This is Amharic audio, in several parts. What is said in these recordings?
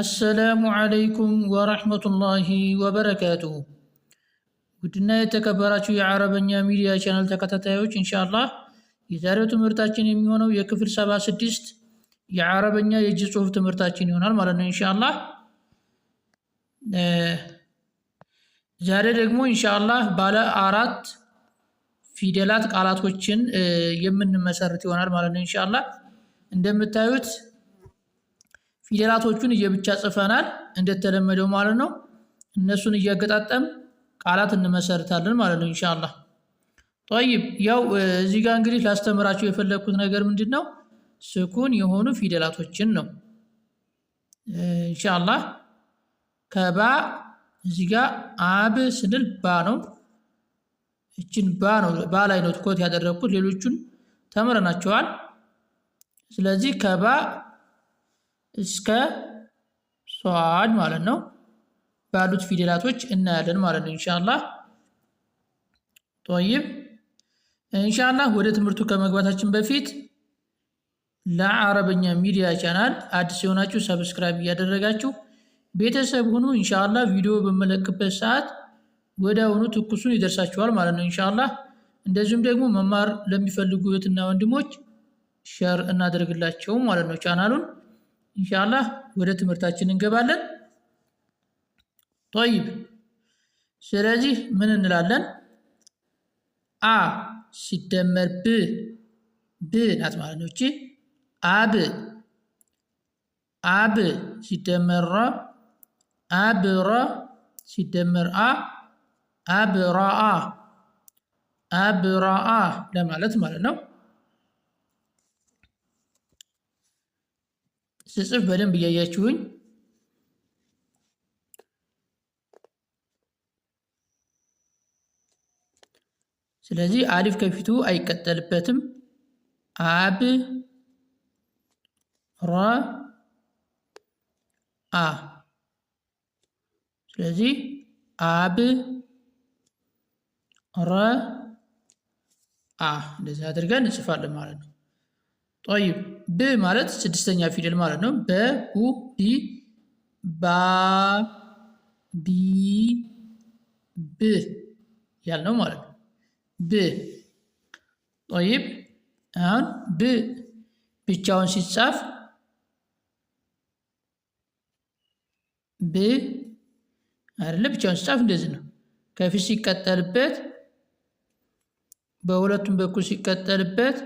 አሰላሙ አለይኩም ወራህመቱላሂ ወበረካቱሁ። ውድና የተከበራችሁ የአረበኛ ሚዲያ ቻናል ተከታታዮች ኢንሻአላህ የዛሬው ትምህርታችን የሚሆነው የክፍል ሰባ ስድስት የአረበኛ የእጅ ጽሑፍ ትምህርታችን ይሆናል ማለት ነው ኢንሻአላህ። ዛሬ ደግሞ ኢንሻአላህ ባለ አራት ፊደላት ቃላቶችን የምንመሰርት ይሆናል ማለት ነው ኢንሻአላህ እንደምታዩት ፊደላቶቹን እየብቻ ጽፈናል እንደተለመደው ማለት ነው። እነሱን እያገጣጠም ቃላት እንመሰርታለን ማለት ነው እንሻላ ጠይብ ያው እዚህ ጋር እንግዲህ ላስተምራቸው የፈለግኩት ነገር ምንድን ነው? ስኩን የሆኑ ፊደላቶችን ነው እንሻላ ከባ እዚህ ጋር አብ ስንል ባ ነው። እችን ባ ነው ባ ላይ ነው ትኮት ያደረግኩት። ሌሎቹን ተምረናቸዋል። ስለዚህ ከባ እስከ ሷድ ማለት ነው ባሉት ፊደላቶች እናያለን ማለት ነው ኢንሻአላህ። ጦይብ ኢንሻአላህ ወደ ትምህርቱ ከመግባታችን በፊት ለአረበኛ ሚዲያ ቻናል አዲስ የሆናችሁ ሰብስክራይብ እያደረጋችሁ ቤተሰብ ሁኑ። ኢንሻአላህ ቪዲዮ በመለቅበት ሰዓት ወዲያውኑ ትኩሱን ይደርሳችኋል ማለት ነው ኢንሻአላህ። እንደዚሁም ደግሞ መማር ለሚፈልጉ እህትና ወንድሞች ሸር እናደርግላቸው ማለት ነው ቻናሉን ኢንሻአላህ ወደ ትምህርታችን እንገባለን። ጠይብ ስለዚህ ምን እንላለን? አ ሲደመር ብ ብ ናት ማለት ነው። እቺ አብ አብ ሲደመር ራ አብራ ሲደመር አ አብራአ አብራአ ለማለት ማለት ነው። ስጽፍ በደንብ እያያችሁኝ ስለዚህ አሊፍ ከፊቱ አይቀጠልበትም። አብ ረ አ ስለዚህ አብ ረ አ እንደዚህ አድርገን እንጽፋለን ማለት ነው። ጠይብ ብ ማለት ስድስተኛ ፊደል ማለት ነው። በ ቡ ቢ ባ ቢ ብ ያልነው ማለት ነው። ብ ጠይብ። አሁን ብ ብቻውን ሲጻፍ ብ አይደለ? ብቻውን ሲጻፍ እንደዚህ ነው። ከፊት ሲቀጠልበት፣ በሁለቱም በኩል ሲቀጠልበት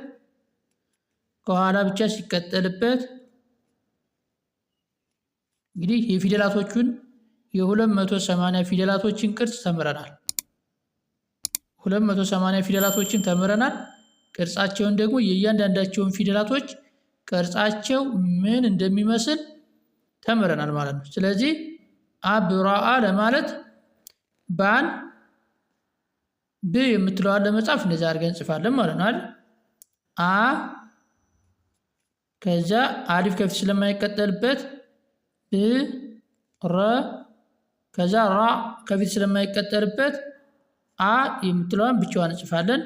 ከኋላ ብቻ ሲቀጠልበት እንግዲህ የፊደላቶቹን የሁለት መቶ ሰማንያ ፊደላቶችን ቅርጽ ተምረናል። ሁለት መቶ ሰማንያ ፊደላቶችን ተምረናል። ቅርጻቸውን ደግሞ የእያንዳንዳቸውን ፊደላቶች ቅርጻቸው ምን እንደሚመስል ተምረናል ማለት ነው። ስለዚህ አብራአ ለማለት ባን ብ የምትለዋን ለመጻፍ እንደዚ አድርገን እንጽፋለን ማለት ነው። አ ከዛ አሊፍ ከፊት ስለማይቀጠልበት ብ ረ ከዛ ራ ከፊት ስለማይቀጠልበት አ የምትለዋን ብቻዋን እንጽፋለን።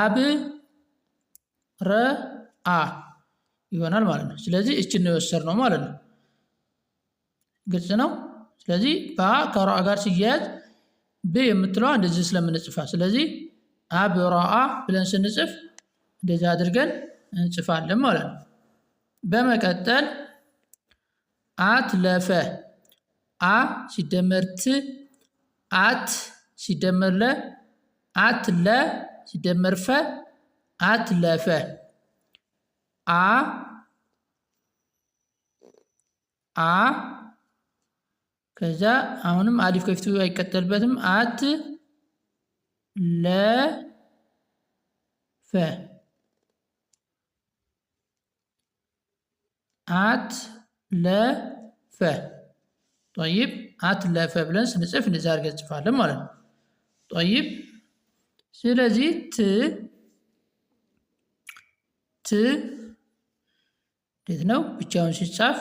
አብ ረ አ ይሆናል ማለት ነው። ስለዚህ እች ነው ነው ማለት ነው። ግልጽ ነው። ስለዚህ በአ ከራ ጋር ሲያያዝ ብ የምትለዋ እንደዚህ ስለምንጽፋ ስለዚህ አብ ራአ ብለን ስንጽፍ እንደዚህ አድርገን እንጽፋለን ማለት ነው። በመቀጠል አትለፈ አ ሲደመር ት አት ሲደመር ለ አት ለ ሲደመር ፈ አትለፈ አ አ ከዛ አሁንም አሊፍ ከፊቱ አይቀጠልበትም። አት ለፈ አት ለፈ አትለፈ አት ለፈ ብለን ስንጽፍ እንደዚህ አድርገን እንጽፋለን ማለት ነው። ጦይብ ስለዚህ ት ት እንዴት ነው ብቻውን ሲጻፍ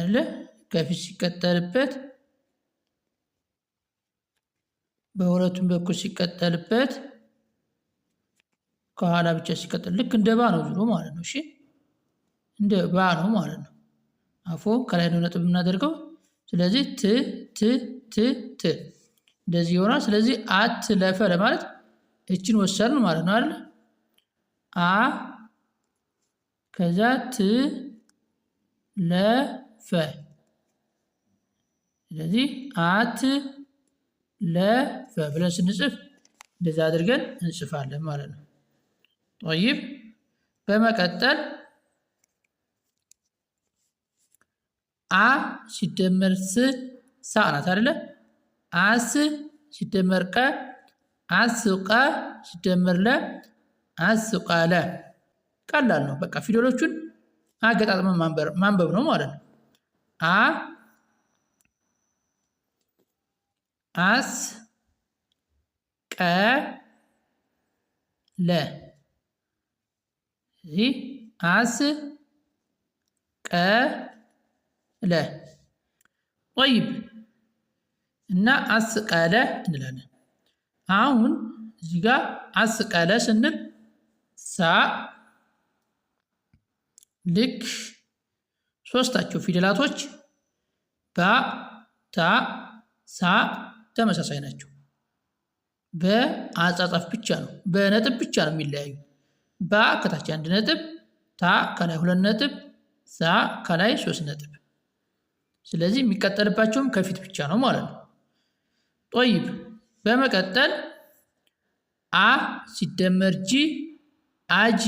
አለ ከፊት ሲቀጠልበት በሁለቱም በኩል ሲቀጠልበት ከኋላ ብቻ ሲቀጠል ልክ እንደባ ነው ዝሮ ማለት ነው። እሺ እንደ ባ ነው ማለት ነው። አፎ ከላይ ነው ነጥብ የምናደርገው። ስለዚህ ት ት ት ት እንደዚህ ይሆናል። ስለዚህ አት ለፈ ለማለት እችን ወሰን ማለት ነው አይደል? አ ከዛ ት ለፈ ስለዚህ አት ለፈ ብለን ስንጽፍ እንደዛ አድርገን እንጽፋለን ማለት ነው። ጦይብ በመቀጠል አ ሲደመር ስ ሳ ናት አይደለ? አስ ሲደመር ቀ አስቀ ሲደመር ለ አስቀለ። ቀላል ነው። በቃ ፊደሎቹን አገጣጥመ ማንበብ ነው ማለት ነው። አ አስ ቀ ለ አስ ቀ ለ ጠይብ እና አስቀለ እንላለን። አሁን እዚህ ጋ አስቀለ ስንል ሳ ልክ ሶስታቸው ፊደላቶች ባ ታ ሳ ተመሳሳይ ናቸው። በአጻጻፍ ብቻ ነው፣ በነጥብ ብቻ ነው የሚለያዩ። ባ ከታች አንድ ነጥብ፣ ታ ከላይ ሁለት ነጥብ፣ ሳ ከላይ ሶስት ነጥብ ስለዚህ የሚቀጠልባቸውም ከፊት ብቻ ነው ማለት ነው። ጦይብ በመቀጠል አ ሲደመር ጂ አጂ፣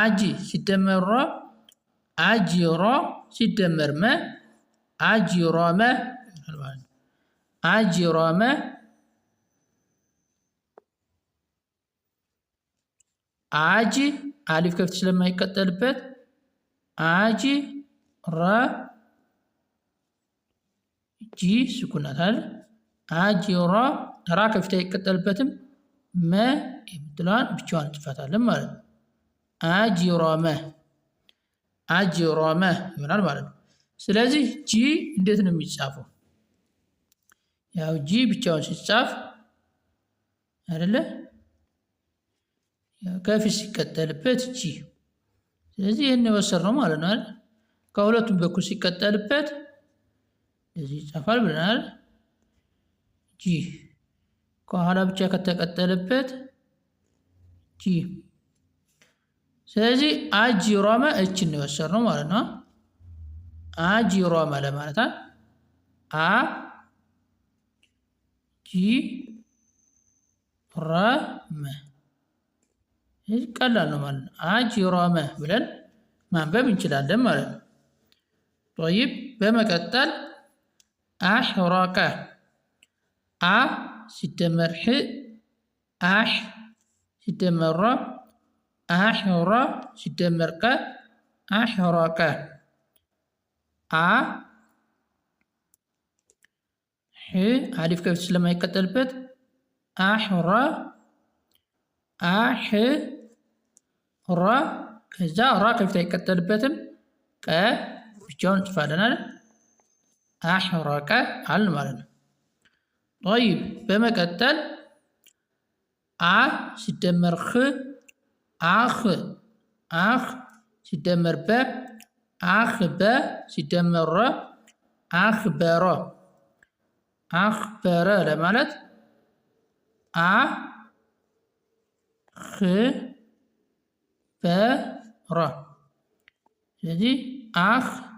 አጂ ሲደመር ሮ አጂ ሮ ሲደመር መ አጂ ሮ መ አጂ ሮ መ አጂ አሊፍ ከፊት ስለማይቀጠልበት አጂ ራ ጂ ስኩናታል አጅራ ራ ከፊት አይቀጠልበትም። መ የምትለዋን ብቻዋን እንጽፋታለን ማለት ነው። አጅሮመ አጅሮመ ይሆናል ማለት ነው። ስለዚህ ጂ እንዴት ነው የሚጻፈው? ያው ጂ ብቻውን ሲጻፍ አይደለ ከፊት ሲቀጠልበት ጂ። ስለዚህ ይህን የወሰድነው ማለት ነው። አይደል? ከሁለቱም በኩል ሲቀጠልበት እንደዚህ ይጻፋል ብለናል። ጂ ከኋላ ብቻ ከተቀጠለበት ጂ። ስለዚህ አጂሮመ እችን ነው የወሰድነው ማለት ነው። አጂሮመ ለማለት አ ጂ ረመ ቀላል ነው ማለት ነው። አጂሮመ ብለን ማንበብ እንችላለን ማለት ነው። ጦይብ በመቀጠል أحرق أ ستمرح أح ستمر أحر ستة مرقة أحرق أ ح عارف كيف تسلم هيك تلبت أحر أح ر كذا را كيف تلبتم ك بجون تفعلنا أحرك المرن طيب كتل أ ستمر خ أخ أخ ستمر ب أخ ب ستمر ر ب ر لمالت أ خ ب ر jadi أخ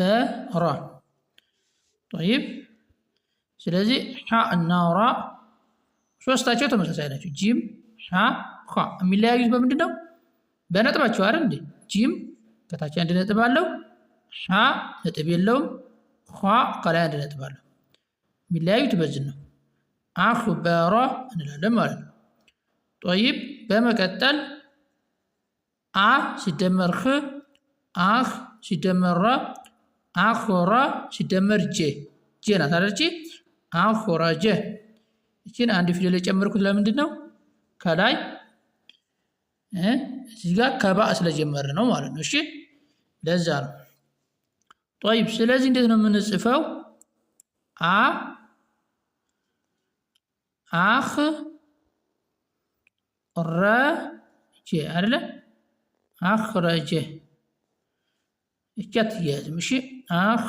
በራ ጦይብ ስለዚህ ሓ እና ራ ሶስታቸው ተመሳሳይ ናቸው። ጂም ሓ ኻ የሚለያዩት በምንድን ነው? በነጥባቸው አይደል እንዴ? ጂም ከታች አንድ ነጥብ አለው፣ ሓ ነጥብ የለውም፣ ኻ ከላይ አንድ ነጥብ አለው። የሚለያዩት በዚህ ነው። አኽበራ እንላለን ማለት ነው። ጦይብ በመቀጠል አ ሲደመር ህ አህ ሲደመር ራ አኮራ ሲደመር ጄ ጄ ናት አለች። ጄ ይችን አንድ ፊደል የጨመርኩት ለምንድን ነው? ከላይ እዚህ ጋር ከባእ ስለጀመረ ነው ማለት ነው። እሺ ለዛ ነው። ጠይብ ስለዚህ እንዴት ነው የምንጽፈው? አ አኽ ረ አይደለ አኽረጀ እቺ አትያያዝም። እሺ አኽ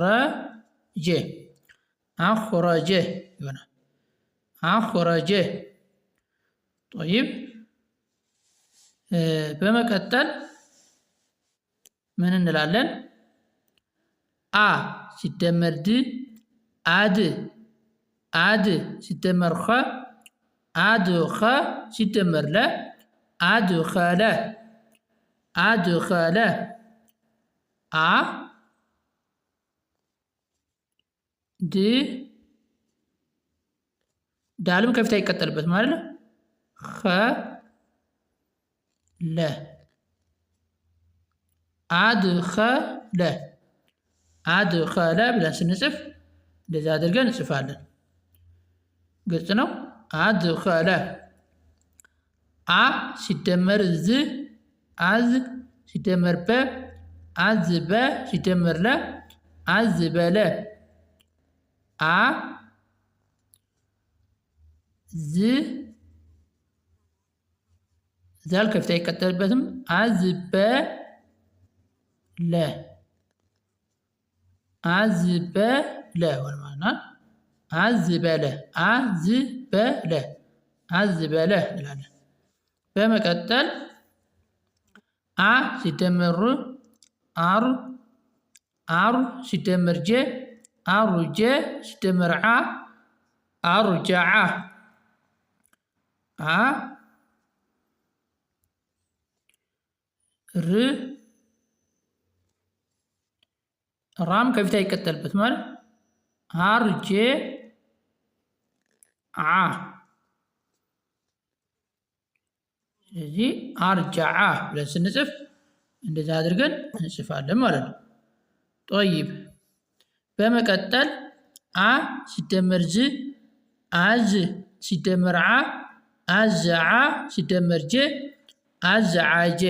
ረጀ አኽረጀ ይሆናል። አኽረጀ ጦይብ። በመቀጠል ምን እንላለን? አ ሲደመር ድ አድ አድ ሲደመር ኸ አድ ኸ ሲደመር ለ አድ ኸለ أدخل أ د ዳልም ከፊታ ይቀጠልበት ማለት ነው። ኸ ለ አድኸለ አድኸለ ብለን ስንጽፍ እንደዚህ አድርገን እንጽፋለን። ግልጽ ነው። አድኸለ አ ሲደመር ዝ አዝ ሲደመር በ አዝ በ ሲደመር ለ አዝ በለ አ ዝ ዛል ከፍታ አይቀጠልበትም። አዝ በ ለ አዝ በ ለ ወልማና አዝ በለ አዝ በለ አዝ በለ እንላለን። በመቀጠል አ ሲደመር አር አሩ ሲደመር ጀ አሩ ጀ ሲደመር አ አሩ ጃዓ አ ር ራም ከፊት አይቀጠልበት ማለት አርጄ አ ስለዚህ አርጃዓ ብለን ስንጽፍ እንደዛ አድርገን እንጽፋለን ማለት ነው። ጦይብ በመቀጠል አ ሲደመር ዝ አዝ ሲደመር አ አዝዓ ሲደመር ጀ አዝዓጄ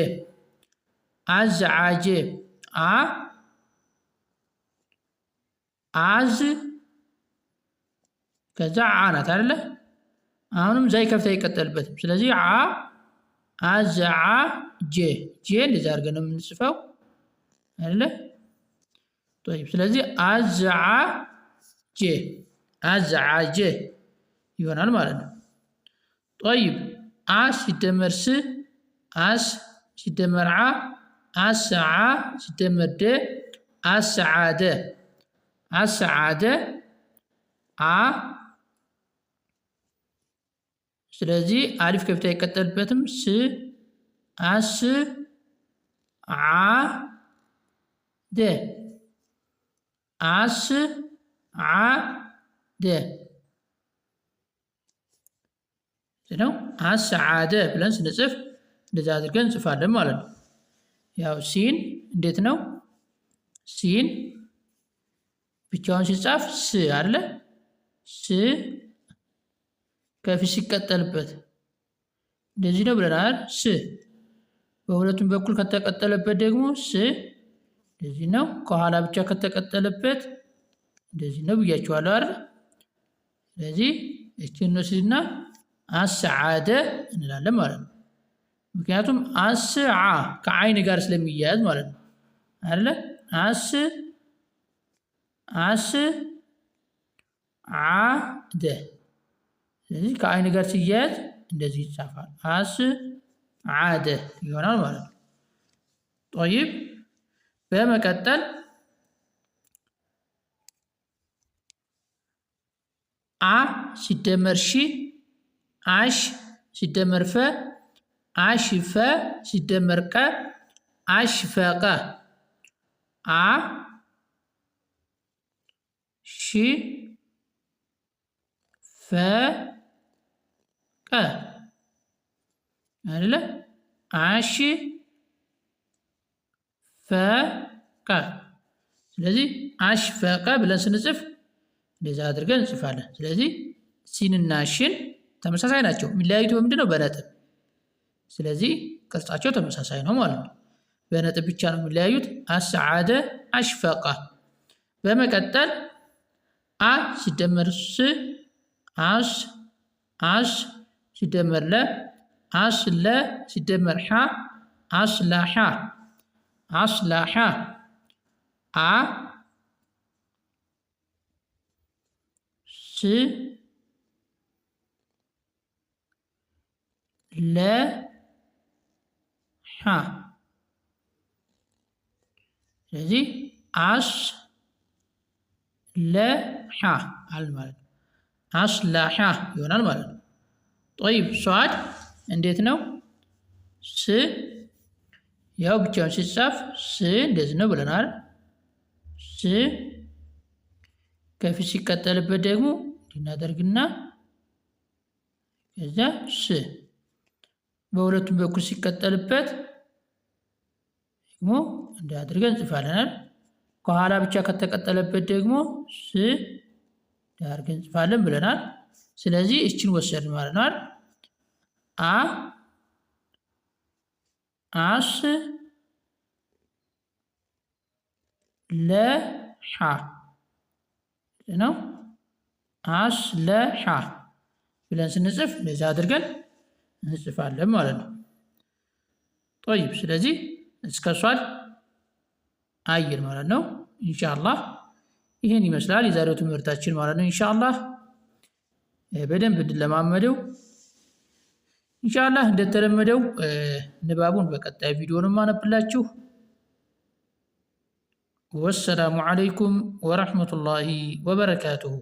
አዝዓጄ አ አዝ ከዛ ዓ ናት አይደለ? አሁንም ዛይ ከፍታ አይቀጠልበትም። ስለዚህ አ አዘዓ ጄ ጄ እንደዚህ አድርገን ነው የምንጽፈው አይደለ? ስለዚህ አዘዓ ጄ አዘዓ ጄ ይሆናል ማለት ነው። ጠይብ አስ ሲደመር ስ አስ ሲደመር ዓ አስዓ ሲደመር ደ አሰዓደ አሰዓደ አ ስለዚህ አሊፍ ከፊት አይቀጠልበትም። ስ አስ አ ደ አስ አ ደ ነው አስ አደ ብለን ስንጽፍ እንደዛ አድርገን እንጽፋለን ማለት ነው። ያው ሲን እንዴት ነው? ሲን ብቻውን ሲጻፍ ስ አለ ስ ከፊት ሲቀጠልበት እንደዚህ ነው ብለናል። ስ በሁለቱም በኩል ከተቀጠለበት ደግሞ ስ እንደዚህ ነው። ከኋላ ብቻ ከተቀጠለበት እንደዚህ ነው ብያቸዋለሁ አይደል? ስለዚህ እችን እንወስድና አስዓደ እንላለን ማለት ነው። ምክንያቱም አስዓ ከአይን ጋር ስለሚያያዝ ማለት ነው አይደለ? አስ አስ ዓደ ስለዚህ ከአይን ጋር ሲያያዝ እንደዚህ ይጻፋል። አስ አደ ይሆናል ማለት ነው። ጦይብ በመቀጠል አ ሲደመር ሺ አሽ ሲደመር ፈ አሽፈ ሲደመር ቀ አሽፈቀ አ ሺ ፈ ቀ አይደለ አሽ ፈቀ። ስለዚህ አሽ ፈቀ ብለን ስንጽፍ እንደዛ አድርገን እንጽፋለን። ስለዚህ ሲንና ሽን ተመሳሳይ ናቸው። የሚለያዩት በምንድን ነው? በነጥብ። ስለዚህ ቅርጻቸው ተመሳሳይ ነው ማለት ነው። በነጥብ ብቻ ነው የሚለያዩት። አስዓደ አሽፈቃ። በመቀጠል አ ሲደመር ስ አስ አስ سيدمر لا لا سيدمر حا أصلا حا أصلا حا أ س لا حا جدي أص لا حا على المرض أصلا حا يون على المرض ጦይብ ሰዋድ እንዴት ነው? ስ ያው ብቻውን ሲጻፍ ስ እንደዚህ ነው ብለናል። ስ ከፊት ሲቀጠልበት ደግሞ እንድናደርግና ከዛ ስ በሁለቱም በኩል ሲቀጠልበት ደግሞ እንዳድርገን እንጽፋለናል። ከኋላ ብቻ ከተቀጠለበት ደግሞ ስ እንዳድርገን እንጽፋለን ብለናል። ስለዚህ እችን ወሰድን ማለት ነው። አ አስ ለሓ ነው። አስ ለሓ ብለን ስንጽፍ እንደዚህ አድርገን እንጽፋለን ማለት ነው። ጦይብ ስለዚህ እስከሷል አየር አየን ማለት ነው። ኢንሻአላህ ይህን ይመስላል የዛሬው ትምህርታችን ማለት ነው። ኢንሻአላህ በደንብ እንለማመደው። ኢንሻአላህ እንደተለመደው ንባቡን በቀጣይ ቪዲዮ ነው የማነብላችሁ። ወሰላሙ አለይኩም ወረህመቱላሂ ወበረካቱሁ።